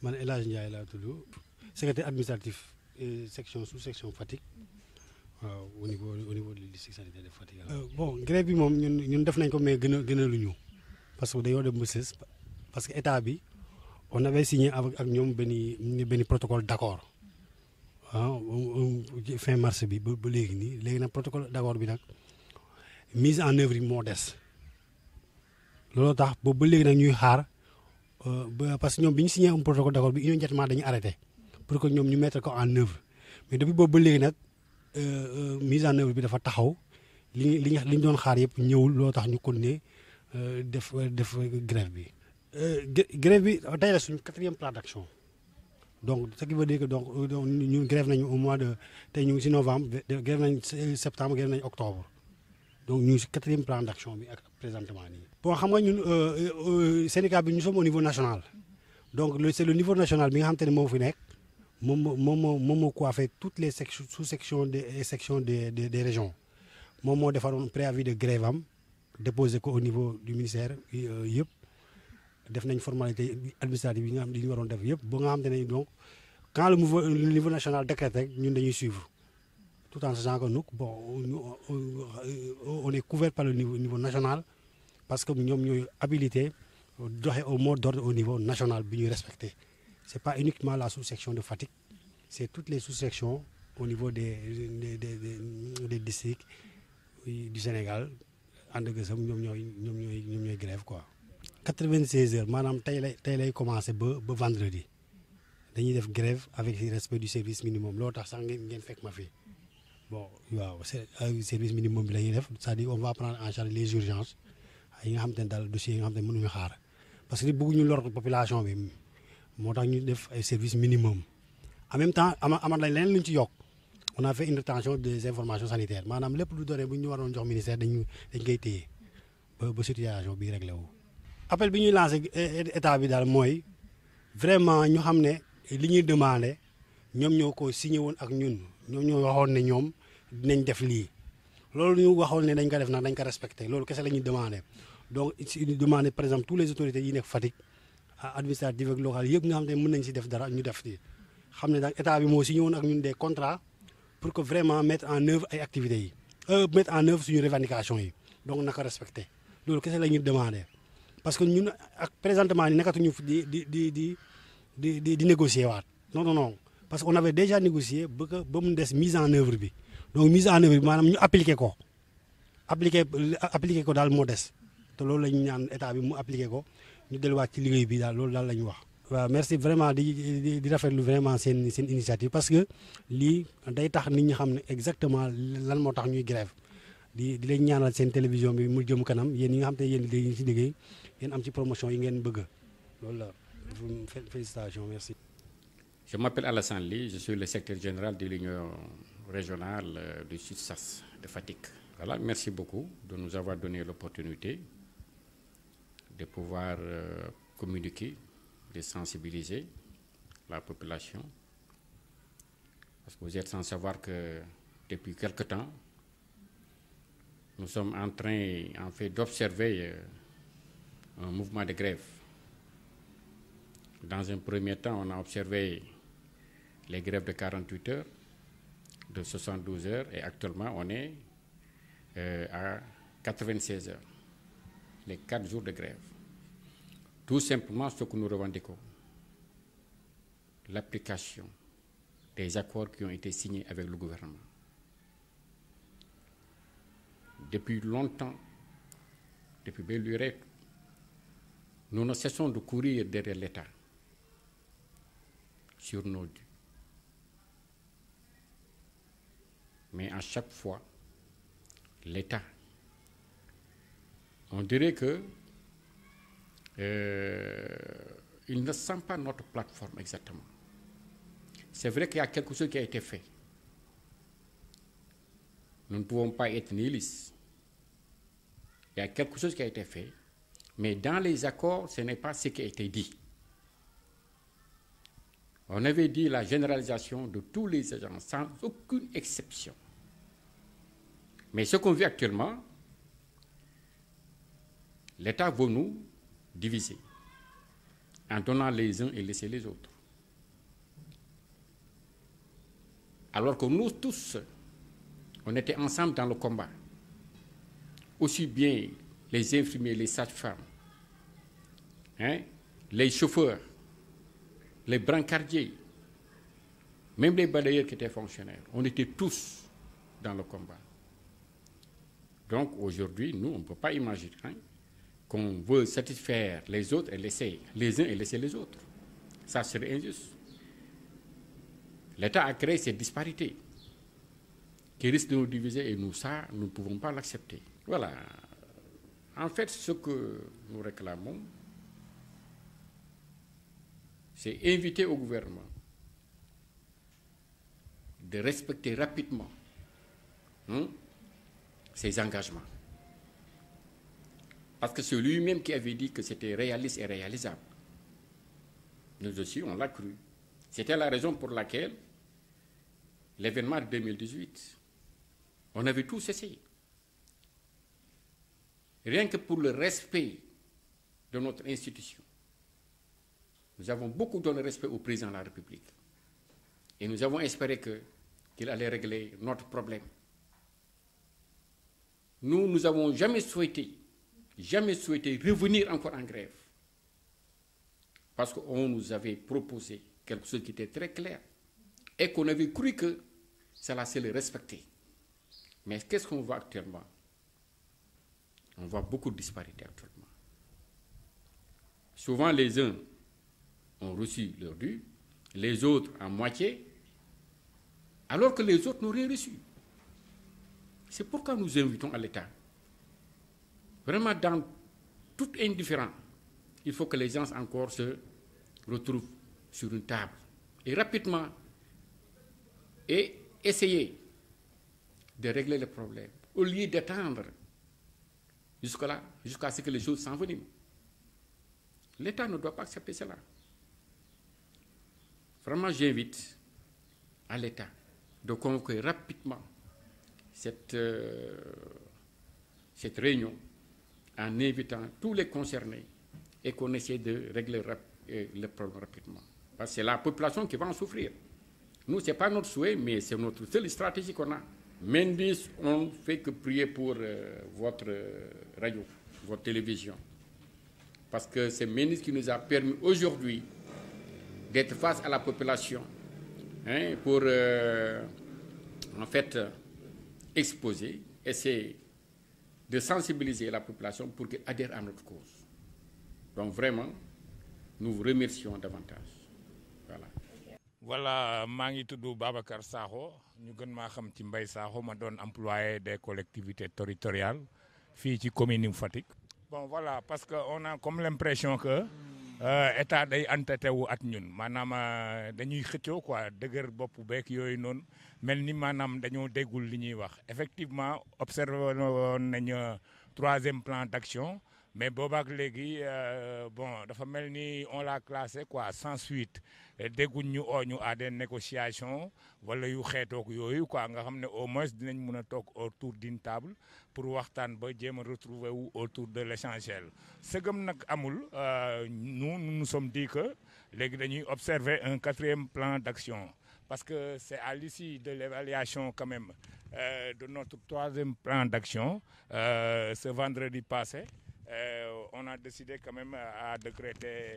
man El Hadj laa tudd secrétaire administratif euh, section sous section Fatick waaw au niveau au niveau du district de Fatick. Euh, bon grève bi moom ñun ñun def nañ ko mais gën a gën lu ñu parce que dañoo dem ba sës parce que état bi on a signé avec ak ñoom benn benn protocole d' accord. ah fin mars bi ba léegi nii léegi nag protocole d'accord bi nag mise en œuvre yi moo des looloo tax boobu ba léegi nag ñuy xaar euh, parce que ñoom bi ñu signé un protocole d'accord bi immédiatement dañu arrêté pour que ñoom ñu mettre ko en œuvre mais depuis boobu ba léegi nag euh, euh, mise en œuvre bi dafa taxaw li li ñu doon xaar yëpp ñëwul looloo tax ñu continuer def def grève bi. grève bi tey la suñu quatrième plan d'action. donc ce qui veut dire que donc ñun euh, grève nañu au mois de te ñu ngi si novembre grève nañ euh, septembre grève nañ octobre donc ñu ngi si quatrième plan d' action bi ak présentement nii. bon xam nga ñun euh, syndicat bi ñu sommes au niveau national donc le est le niveau national bi nga xam te ne moo fi nekk moom moom moo moom moo coiffé toutes les sections sous sections des sections des des régions moom moo defaroon préavis de grève am déposé ko au niveau ministère yëpp. def nañ formalité administrative yi nga xam ne li ñu waroon def yëpp ba nga xam te ne donc quand le niveau national décrète rek ñun dañuy suivre tout en sachant que nous bon on est couvert par le niveau niveau national parce que ñoom ñooy habilité doxe au mot d'ordre au niveau national bi ñuy respecté c'est pas uniquement la sous-section de Fatick c'est toutes les sous au niveau des des des des districts du Sénégal ànd ak ñoom ñooy ñoom ñooy ñoom ñooy grève quoi. quatre-vingt-seize maanaam tey lay tey lay commencé ba ba vendredi dañuy def grève avec respect du service minimum loo tax sax ngeen fekk ma fii bon waaw service minimum bi la ñuy def c'est-à-dire on va prendre en charge les urgences yi nga xam te ne daal dossiers yi nga xam te ne mënuñu xaar parce que bëgguñu lor population bi moo tax ñu def ay service minimum en même temps ama amat lañ leneen luñ ci yokk on a fait une rétention des informations sanitaires maanaam lépp lu doonee bu ñu waroon jox ministère dañu dañ koy téye ba ba situation bii réglé wu appel bi ñuy lancé eh, état bi daal mooy vraiment ñu xam ne li ñuy demandé ñoom ñoo ko signé woon ak ñun ñoom ñoo waxoon ne ñoom dinañ def lii loolu ñu waxoon ne dañ ko def nag dañ ko respecté loolu kese la ñuy demandé donc si par exemple tous les autorités yi nekk Fatick ah, administrative ak locale yëpp nga xam ne mën nañ si def dara ñu def ci xam ne daal état bi moo signé woon ak ñun des contrats pour que vraiment mettre en œuvre ay activités yi euh, mettre en œuvre suñu revendication yi donc naka respecté loolu kese la ñuy demandé parce que ñun ak présentement ni nekkatuñu di di di di di di di négocier waat non non non parce que on avait déjà négocié ba ba mu des mise en œuvre bi donc mise en œuvre bi maanaam ñu appliquer ko appliquer appliquer ko daal moo des te loolu la ñu ñaan état bi mu appliquer ko ñu delluwaat ci liggéey bi daal loolu daal la ñu wax. waaw merci vraiment di di rafetlu vraiment seen seen initiative parce que lii day tax nit ñi xam ne exactement lan moo tax ñuy grève di di leen ñaanal seen télévision bi mu jëm kanam yéen ñi nga xam te yéen dañuy ci liggéey. ngeen am ci promotion yi ngeen bëgg loolu la félicitations merci. je m'appelle Alassane Ly je suis le secrétaire général de l'union régionale euh, du SUTSAS de Fatick. voilà merci beaucoup de nous avoir donné l'opportunité de pouvoir euh, communiquer de sensibiliser la population parce que vous êtes sans savoir que depuis quelque temps nous sommes en train en fait d'observer euh, un mouvement de grève. Dans un premier temps, on a les grèves de 48 heures, de 72 heures, et actuellement, on est euh, à 96 heures, les quatre jours de grève. Tout simplement ce que nous revendiquons, l'application des accords noonu seson cessons de courir derrière l'État sur nos dûs. Mais à chaque fois, l'État, on dirait que euh, il ne sent pas notre plateforme exactement. C'est vrai que y a quelque chose qui a été fait. Nous ne pas être nihilistes. quelque chose qui a été fait Mais dans les accords, ce n'est pas ce qui a été dit. On avait dit la généralisation de tous les agents, sans aucune exception. Mais ce qu'on vit actuellement, l'État veut nous diviser en donnant les uns et laisser les autres. Alors que nous tous, on était ensemble dans le combat, aussi bien les infirmiers les sages-femmes hein les chauffeurs les brancardiers même les balayeurs qui étaient fonctionnaires on était tous dans le combat donc aujourd'hui nous on ne peut pas imaginer qu'on veut satisfaire les autres et laisser les uns et laisser les autres ça serait injuste l'État a créé cette disparité qui risque de nous diviser et nous ça nous ne pouvons pas l'accepter voilà En fait, ce que nous réclamons, c'est inviter au gouvernement de respecter rapidement hein, ses engagements. Parce que c'est lui-même qui avait dit que c'était réaliste et réalisable. Nous aussi, on l'a cru. C'était la raison pour laquelle l'événement de 2018, on avait tous essayé. rien que pour le respect de notre institution. Nous avons beaucoup donné respect au président de la République. Et nous avons espéré que, qu'il allait régler notre problème. Nous, nous n'avons jamais souhaité, jamais souhaité revenir encore en grève. Parce qu'on nous avait proposé quelque chose qui était très clair et qu'on avait cru que cela c'est le respecter. Mais qu'est-ce qu'on voit actuellement On voit beaucoup de actuellement. Souvent, les uns ont reçu leur dû, les autres en moitié, alors que les autres n'ont rien reçu. C'est pourquoi nous invitons à l'État. Vraiment, dans toute indifférence, il faut que les gens encore se retrouvent sur une table et rapidement et essayer de régler le problème au lieu d'attendre jusqu'à là, jusqu'à ce que les choses s'enveniment. L'État ne doit pas accepter cela. Vraiment, j'invite à l'État de convoquer rapidement cette, euh, réunion en invitant tous les concernés et qu'on essaie de régler euh, le problème rapidement. Parce que c'est la population qui va en souffrir. Nous, ce pas notre souhait, mais c'est notre seule stratégie qu'on a. Menbis, on ne fait que prier pour euh, votre euh, radio, votre télévision. Parce que c'est Menbis qui nous a permis aujourd'hui d'être face à la population pour, euh, en fait, exposer, de sensibiliser la population pour qu'elle adhère à notre cause. Donc vraiment, nous vous remercions davantage. Voilà. Voilà, Mangi Babacar Saho. ñu gën maa xam ci mbay Sakho ma doon employé des collectivités territoriales fii ci commune yu Fatick. bon voilà parce que on a comme l'impression que euh, état day entêté wu at ñun maanaam euh, dañuy xëccoo quoi dëgër bopp beek yooyu noonu mel ni maanaam dañoo déggul li ñuy wax effectivement observé woon nañu troisième plan d'action. mais boobaak léegi euh, bon dafa mel ni on l'a classé quoi sans suite dégguñ ñu oo ñu à des négociations wala yu xeetoog yooyu quoi nga xam ne au moins dinañ mun a toog autour d'une table pour waxtaan ba jéem a retrouver wu autour de l'essentiel sëgëm nag amul euh, nous nous sommes dit que léegi dañuy observer un quatrième plan d'action parce que c'est à l'issue de l'évaluation quand même euh, de notre troisième plan d'action euh, ce vendredi passé Euh, on a décidé quand même à décréter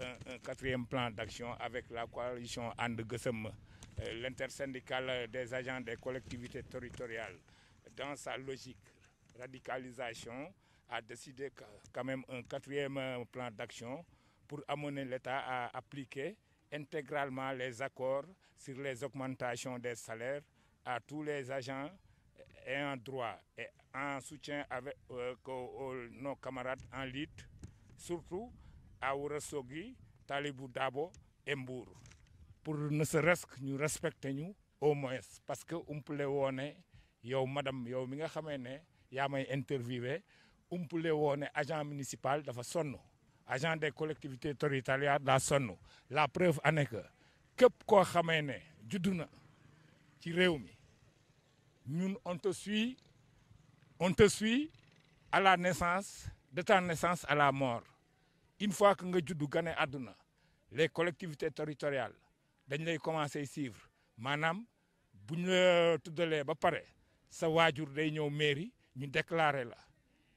un, un quatrième plan d'action avec la coalition And Gessem, euh, l'intersyndicale des agents des collectivités territoriales, dans sa logique radicalisation, a décidé quand même un quatrième euh, plan d'action pour amener l'État à appliquer intégralement les accords sur les augmentations des salaires à tous les agents ayant droit et en soutien avec euh, euh, nos camarades en lutte, surtout à Ouressogi, Talibou Dabo et Mbour. Pour ne serait-ce que nous respecter nous au moins. Parce que nous pouvons yow madam yow mi nga xamee ne yaa may interviewé umpule woo ne agent municipal dafa sonn agent des collectivités territoriales daa sonn la preuve en est que képp koo xamee ne juddu na ci réew mi ñun on suit On te suit à la naissance, de ta naissance à la mort. Une fois que nga juddu gane àdduna les collectivités territoriales dañ lay commencer suivre maanaam bu ñu la tuddalee ba pare sa waajur day ñëw mairie ñu déclarer la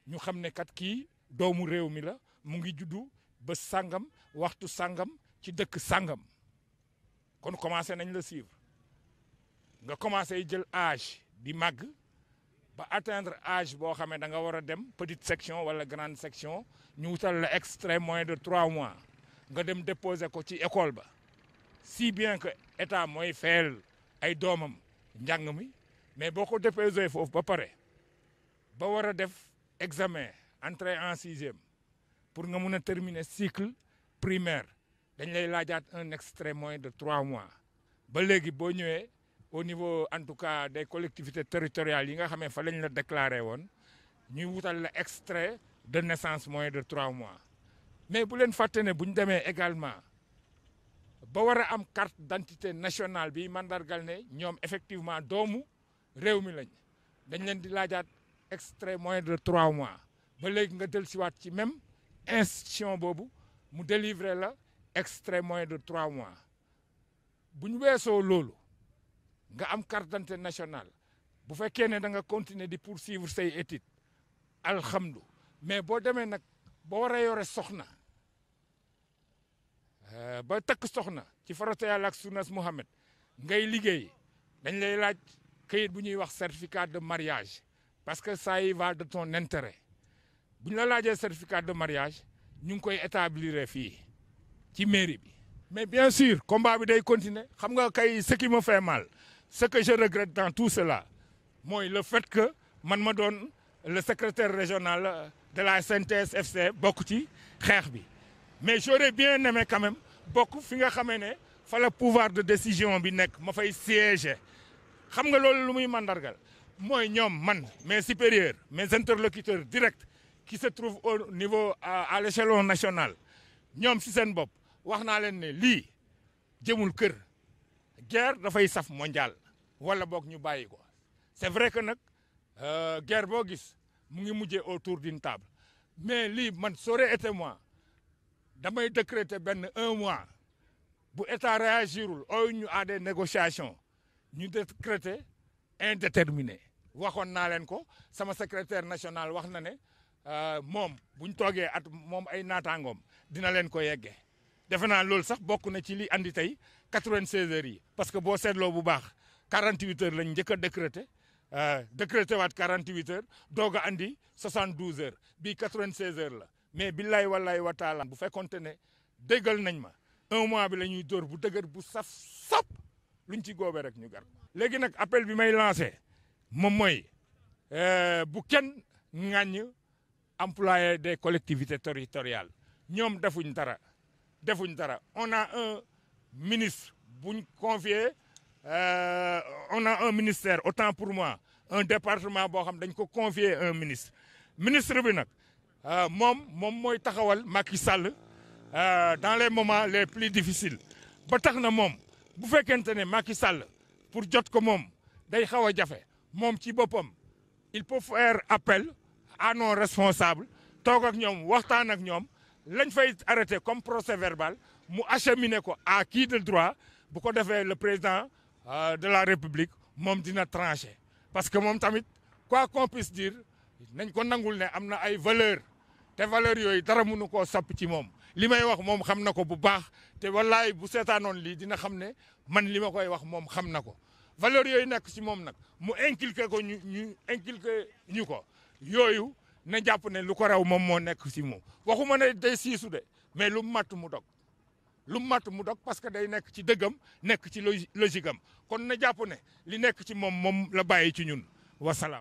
ñu xam ne kat kii doomu réew mi la mu ngi juddu ba sangam waxtu sangam ci dëkk sangam kon commencé nañ la suivre nga commencé jël âge di màgg. ba atteindre âge boo xam ne da nga a dem petite section wala grande section ñu wutal la extrait moins de trois mois nga dem déposer ko ci école ba si bien que état mooy fayal ay doomam njàng mi mais boo ko déposé foofu ba pare ba war a def examen entrée en sixième pour nga mun a terminer cycle primaire dañ lay laajaat un extrait moins de trois mois ba léegi boo ñëwee au niveau en tout cas des collectivités territoriales yi nga xamee fa lañ la déclaré woon ñuy wutal la extrait de naissance moins de trois mois mais bu leen fàtte ne bu ñu demee également ba war a am carte d'identité nationale bi mandargal ne ñoom effectivement doomu réew mi lañ dañ leen di laajaat extrait moins de trois mois ba léegi nga del siwaat ci même institution boobu mu délivrer la extrait moins de trois mois bu ñu weesoo loolu nga am carte d'identité nationale bu fekkee ne da nga continuer pour poursuivre say études alhamdu mais boo demee nag boo war yore soxna euh, ba takk soxna ci farata yàlla ak sunnas Muhammad ngay liggéey dañ lay laaj kayit bu ñuy wax certificat de mariage parce que sa y va de ton intérêt bu ñu la laajee certificat de mariage ñu ngi koy établir fii ci mairie bi mais bien sûr combat bi day continuer xam nga kay ce qui me mal ce que je regrette dans tout cela mooy le fait que man ma doon le secretaire régional de la SNTS FC bokk ci xeex bi mais j'aurais bien aimé quand même bokk fi nga xamee ne fa la pouvoir de décision bi nekk ma fay siéger xam nga loolu lu muy mandargal mooy ñoom man mes supérieurs mes interlocuteurs directs ki se trouvent au niveau à, à l'échelon national ñoom si seen bopp wax naa leen ne lii jëmul kër guerre dafay saf mondial wala boog ñu bàyyi ko c'est vrai que nag euh, guerre boo gis mu ngi mujjee autour d'une table mais lii man sore été moi damay décréter benn un mois bu état réagirul ooyu ñu à des négociations ñu décréter indéterminé waxoon naa leen ko sama secrétaire national wax na ne euh, moom bu ñu toogee at moom ay naataangoom dina leen ko yeggee defe naa loolu sax bokk na ci li andi tey 96 heures yi parce que boo seetloo bu baax 48 heures lañ njëkk a décrété euh, décrété waat 48 heures doog a andi 72 heures bii 96 heures la mais billaay wallaay wa taala bu fekkonte ne dégal nañ ma un mois bi la ñuy dóor bu dëgër bu saf sap luñ ci góobee rek ñu gar léegi nag appel bi may lancé moom mooy euh, bu kenn ŋàññ employé des collectivités territoriales ñoom defuñ dara defuñ dara on a un ministre buñ confié euh, on a un ministère autant pour moi un département boo xam dañ ko confier un ministre ministre bi nag euh, moom moom mooy taxawal Macky Sall euh, dans les moments les plus difficiles ba tax na moom bu fekkente ne Macky Sall pour jot ko moom day xaw a jafe moom ci boppam il peut faire appel à non responsable toog ak ñoom waxtaan ak ñoom lañ fay arrêté comme procès verbal mu acheminé ko à kii de droit bu ko defee le président euh, de la république moom dina tranché parce que moom tamit quoi qu'on puisse dire nañ ko nangul ne am na ay valeur te valeur yooyu dara mënu ko sapp ci moom li may wax moom xam na ko bu baax te wallaay bu seetaanoon lii dina xam ne man li ma koy wax moom xam na ko valeur yooyu nekk ci moom nag mu inculqué ko ñu ñu inculqué ñu ko yooyu na jàpp ne lu ko raw moom moo nekk si moom waxuma ne day siisu de mais lu matt mu dog lu matt mu dog parce que day nekk ci dëggam nekk ci logique am kon na jàpp ne li nekk ci moom moom la bàyyi ci ñun wasalaam